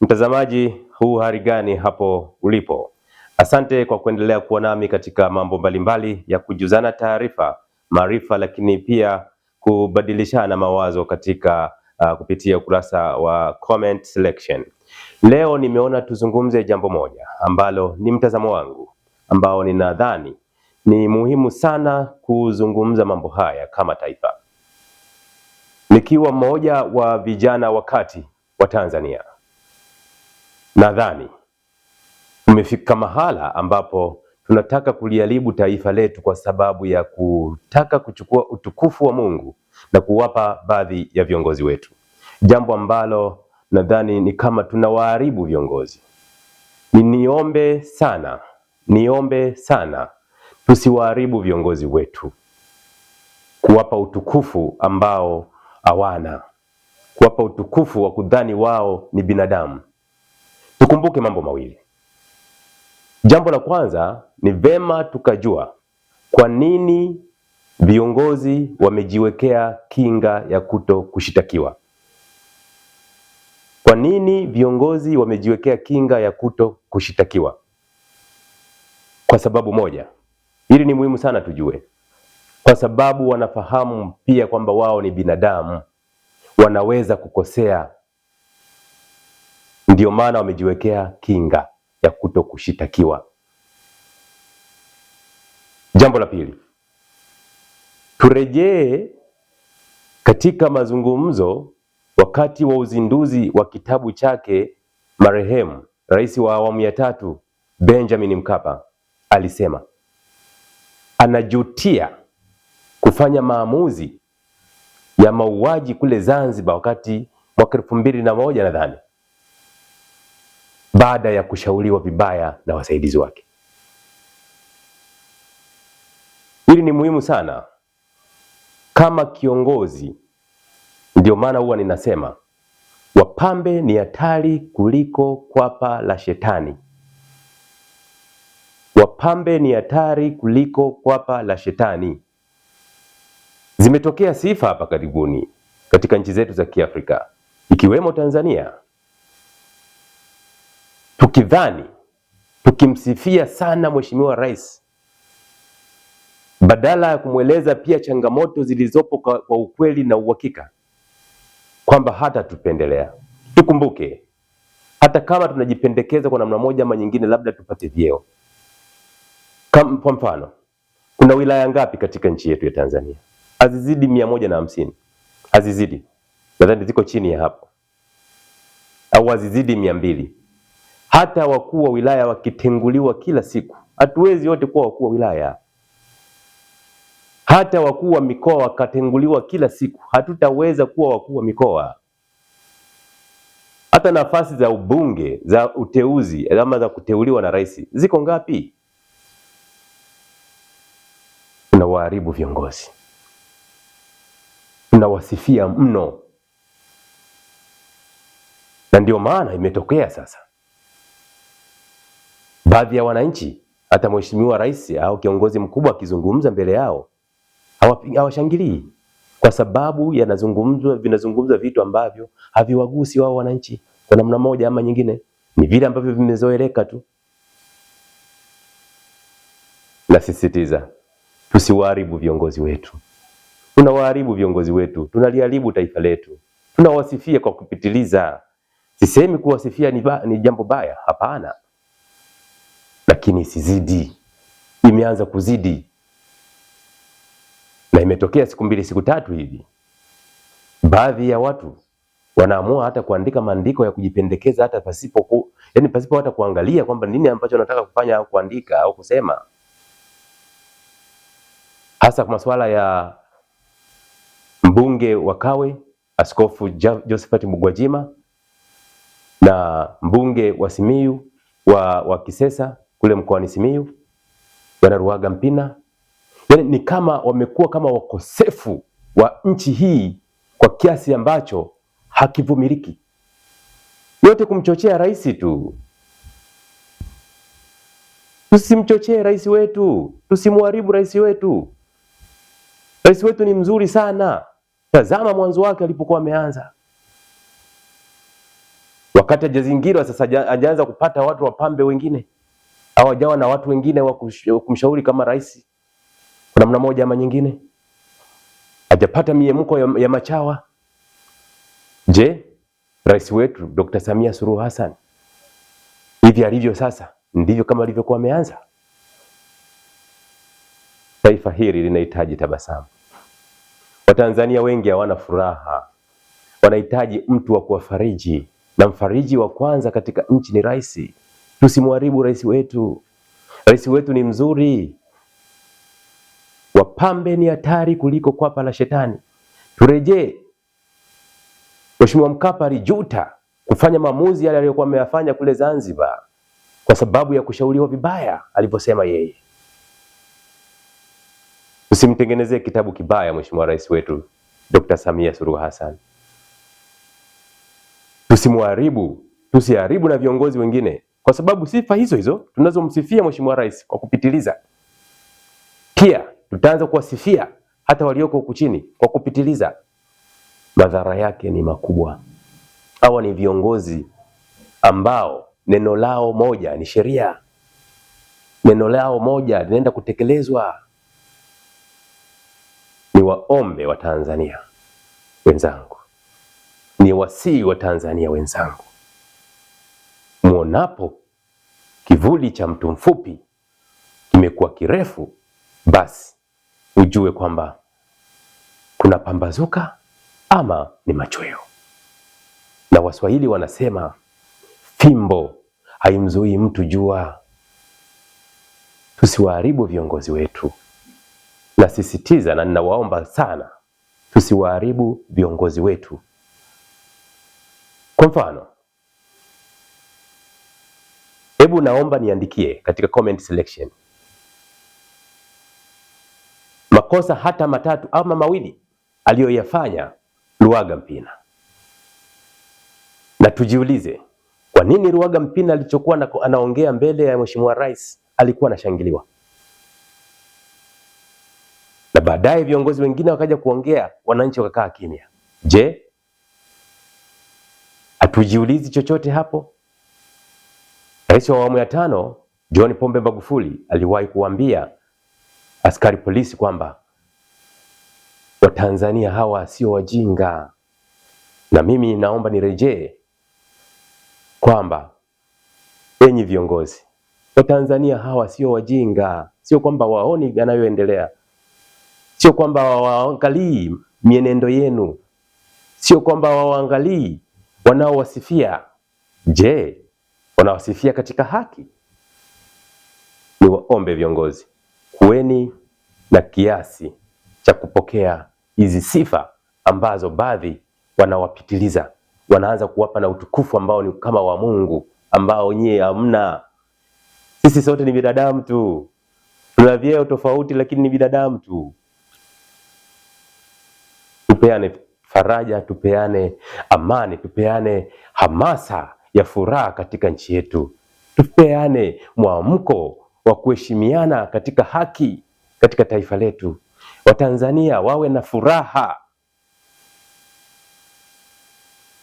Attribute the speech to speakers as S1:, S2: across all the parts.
S1: Mtazamaji, huu hali gani hapo ulipo? Asante kwa kuendelea kuwa nami katika mambo mbalimbali ya kujuzana taarifa, maarifa, lakini pia kubadilishana mawazo katika uh, kupitia ukurasa wa comment selection. Leo nimeona tuzungumze jambo moja ambalo ni mtazamo wangu ambao ninadhani ni muhimu sana kuzungumza mambo haya kama taifa, nikiwa mmoja wa vijana wakati wa Tanzania Nadhani umefika mahala ambapo tunataka kuliharibu taifa letu kwa sababu ya kutaka kuchukua utukufu wa Mungu na kuwapa baadhi ya viongozi wetu, jambo ambalo nadhani ni kama tunawaharibu viongozi. Ni niombe sana, niombe sana tusiwaharibu viongozi wetu, kuwapa utukufu ambao hawana, kuwapa utukufu wa kudhani wao ni binadamu Tukumbuke mambo mawili. Jambo la kwanza ni vema tukajua kwa nini viongozi wamejiwekea kinga ya kuto kushitakiwa. Kwa nini viongozi wamejiwekea kinga ya kuto kushitakiwa? Kwa sababu moja, hili ni muhimu sana tujue, kwa sababu wanafahamu pia kwamba wao ni binadamu, wanaweza kukosea Ndiyo maana wamejiwekea kinga ya kuto kushitakiwa. Jambo la pili, turejee katika mazungumzo wakati wa uzinduzi wa kitabu chake. Marehemu rais wa awamu ya tatu Benjamin Mkapa alisema anajutia kufanya maamuzi ya mauaji kule Zanzibar wakati mwaka elfu mbili na moja nadhani baada ya kushauriwa vibaya na wasaidizi wake. Hili ni muhimu sana kama kiongozi. Ndio maana huwa ninasema wapambe ni hatari kuliko kwapa la shetani. Wapambe ni hatari kuliko kwapa la shetani. Zimetokea sifa hapa karibuni katika nchi zetu za Kiafrika ikiwemo Tanzania tukidhani tukimsifia sana Mheshimiwa Rais badala ya kumweleza pia changamoto zilizopo kwa, kwa ukweli na uhakika kwamba hata tupendelea. Tukumbuke hata kama tunajipendekeza kwa namna moja ama nyingine, labda tupate vyeo. Kwa mfano, kuna wilaya ngapi katika nchi yetu ya Tanzania? Hazizidi mia moja na hamsini, hazizidi, nadhani ziko chini ya hapo, au hazizidi mia mbili hata wakuu wa wilaya wakitenguliwa kila siku, hatuwezi wote kuwa wakuu wa wilaya. Hata wakuu wa mikoa wakatenguliwa kila siku, hatutaweza kuwa wakuu wa mikoa. Hata nafasi za ubunge za uteuzi ama za kuteuliwa na rais ziko ngapi? Tunawaharibu viongozi, tunawasifia mno, na ndio maana imetokea sasa Baadhi ya wananchi hata mheshimiwa rais au kiongozi mkubwa akizungumza mbele yao hawashangilii kwa sababu yanazungumzwa vinazungumzwa vitu ambavyo haviwagusi wao wananchi kwa namna moja ama nyingine, ni vile ambavyo vimezoeleka tu. Nasisitiza, tusiwaharibu viongozi wetu. Tunawaharibu viongozi wetu, tunaliharibu taifa letu, tunawasifia kwa kupitiliza. Sisemi kuwasifia ni, ba, ni jambo baya, hapana lakini sizidi Imeanza kuzidi na imetokea siku mbili siku tatu hivi, baadhi ya watu wanaamua hata kuandika maandiko ya kujipendekeza hata pasipo ku, yani pasipo hata kuangalia kwamba nini ambacho wanataka kufanya au kuandika au kusema, hasa kwa masuala ya mbunge wa Kawe Askofu Josephat Mugwajima na mbunge wa Simiyu wa, wa Kisesa kule mkoani Simiyu, bwana Ruaga Mpina, yani ni kama wamekuwa kama wakosefu wa nchi hii kwa kiasi ambacho hakivumiliki. Yote kumchochea rais tu. Tusimchochee rais wetu, tusimharibu rais wetu. Rais wetu ni mzuri sana. Tazama mwanzo wake alipokuwa ameanza, wakati hajazingirwa. Sasa hajaanza kupata watu wapambe wengine hawajawa na watu wengine wa kumshauri kama rais kwa namna moja ama nyingine? Hajapata miemko ya, ya machawa? Je, rais wetu Dr. Samia Suluhu Hassan hivi alivyo sasa ndivyo kama alivyokuwa ameanza? Taifa hili linahitaji tabasamu. Watanzania wengi hawana furaha, wanahitaji mtu wa kuwafariji, na mfariji wa kwanza katika nchi ni rais. Tusimharibu rais wetu. Rais wetu ni mzuri, wapambe ni hatari kuliko kwapa la shetani. Turejee. Mheshimiwa Mkapa alijuta kufanya maamuzi yale aliyokuwa ameyafanya kule Zanzibar kwa sababu ya kushauriwa vibaya alivyosema yeye. Usimtengenezee kitabu kibaya Mheshimiwa Rais wetu Dr. Samia Suluhu Hassan. Tusimharibu, tusiharibu na viongozi wengine kwa sababu sifa hizo hizo tunazomsifia Mheshimiwa Rais kwa kupitiliza, pia tutaanza kuwasifia hata walioko huku chini kwa kupitiliza. Madhara yake ni makubwa. Hawa ni viongozi ambao neno lao moja ni sheria, neno lao moja linaenda kutekelezwa. Ni waombe wa Tanzania wenzangu, ni wasii wa Tanzania wenzangu Mwonapo kivuli cha mtu mfupi kimekuwa kirefu, basi ujue kwamba kuna pambazuka ama ni machweo. Na Waswahili wanasema fimbo haimzuii mtu jua. Tusiwaharibu viongozi wetu, nasisitiza na ninawaomba sana, tusiwaharibu viongozi wetu. Kwa mfano Hebu naomba niandikie katika comment selection makosa hata matatu ama mawili aliyoyafanya ruaga Mpina, na tujiulize kwa nini ruaga Mpina alichokuwa anaongea mbele ya Mheshimiwa Rais alikuwa anashangiliwa, na baadaye viongozi wengine wakaja kuongea, wananchi wakakaa kimya. Je, hatujiulizi chochote hapo? Rais wa awamu ya tano John Pombe Magufuli aliwahi kuambia askari polisi kwamba Watanzania hawa sio wajinga, na mimi naomba nirejee kwamba enyi viongozi, Watanzania hawa sio wajinga, sio kwamba waoni yanayoendelea, sio kwamba waangalii mienendo yenu, sio kwamba waangalii wanaowasifia. Je, wanawasifia katika haki. Ni waombe viongozi, kuweni na kiasi cha kupokea hizi sifa ambazo baadhi wanawapitiliza, wanaanza kuwapa na utukufu ambao ni kama wa Mungu ambao nyie hamna. Sisi sote ni binadamu tu, tuna vyeo tofauti, lakini ni binadamu tu. Tupeane faraja, tupeane amani, tupeane hamasa ya furaha katika nchi yetu. Tupeane mwamko wa kuheshimiana katika haki katika taifa letu. Watanzania wawe na furaha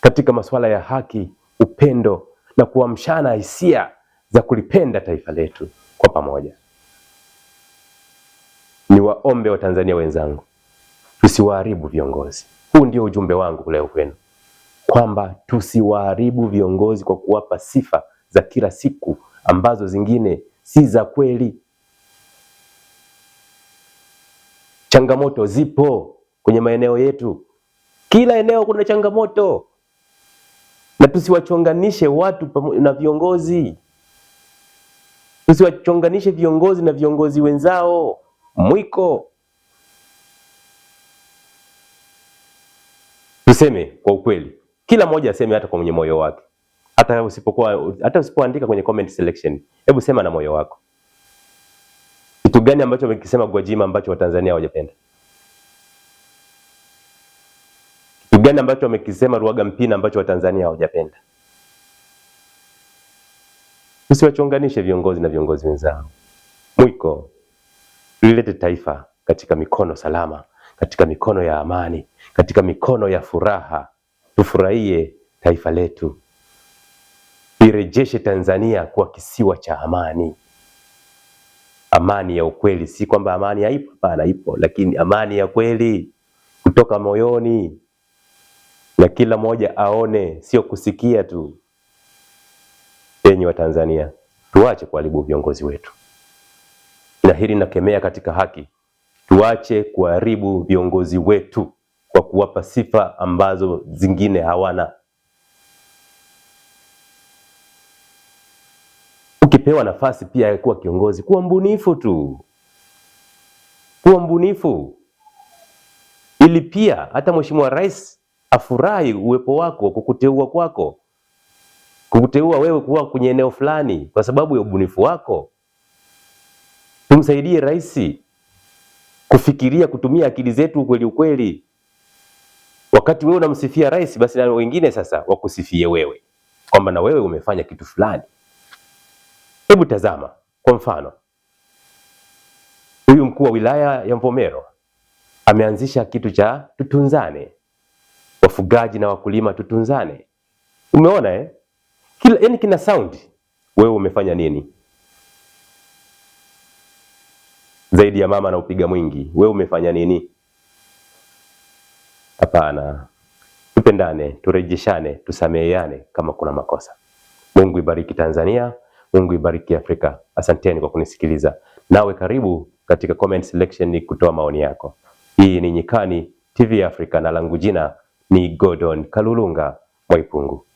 S1: katika masuala ya haki, upendo na kuamshana hisia za kulipenda taifa letu kwa pamoja. Ni waombe Watanzania wenzangu, tusiwaharibu viongozi. Huu ndio ujumbe wangu leo kwenu kwamba tusiwaharibu viongozi kwa kuwapa sifa za kila siku ambazo zingine si za kweli. Changamoto zipo kwenye maeneo yetu, kila eneo kuna changamoto, na tusiwachonganishe watu na viongozi, tusiwachonganishe viongozi na viongozi wenzao. Mwiko tuseme kwa ukweli. Kila mmoja aseme hata kwa mwenye moyo wake, hata usipokuwa hata usipoandika kwenye comment selection, hebu sema na moyo wako. Kitu gani ambacho wamekisema Gwajima ambacho Watanzania hawajapenda? Kitu gani ambacho wamekisema Ruaga Mpina ambacho Watanzania hawajapenda? Usiwachonganishe viongozi na viongozi wenzao. Mwiko, lilete taifa katika mikono salama, katika mikono ya amani, katika mikono ya furaha. Tufurahie taifa letu, irejeshe Tanzania kuwa kisiwa cha amani, amani ya ukweli. Si kwamba amani haipo, hapana, ipo, lakini amani ya kweli kutoka moyoni, na kila mmoja aone, sio kusikia tu. Enyi wa Tanzania, tuache kuharibu viongozi wetu, na hili nakemea katika haki. Tuache kuharibu viongozi wetu kwa kuwapa sifa ambazo zingine hawana. Ukipewa nafasi pia ya kuwa kiongozi, kuwa mbunifu tu, kuwa mbunifu, ili pia hata Mheshimiwa Rais afurahi uwepo wako, kukuteua kwako, kukuteua wewe kuwa kwenye eneo fulani kwa sababu ya ubunifu wako. Tumsaidie rais kufikiria, kutumia akili zetu ukweli ukweli Wakati wewe unamsifia rais, basi na wengine sasa wakusifie wewe kwamba na wewe umefanya kitu fulani. Hebu tazama kwa mfano, huyu mkuu wa wilaya ya Mvomero ameanzisha kitu cha tutunzane, wafugaji na wakulima tutunzane. Umeona eh? Kila yani kina sound, wewe umefanya nini zaidi ya mama na upiga mwingi? Wewe umefanya nini? Hapana, tupendane, turejeshane, tusameheane kama kuna makosa. Mungu ibariki Tanzania, Mungu ibariki Afrika. Asanteni kwa kunisikiliza. Nawe karibu katika comment selection kutoa maoni yako. Hii ni Nyikani TV Afrika na langu jina ni Gordon Kalulunga Mwaipungu.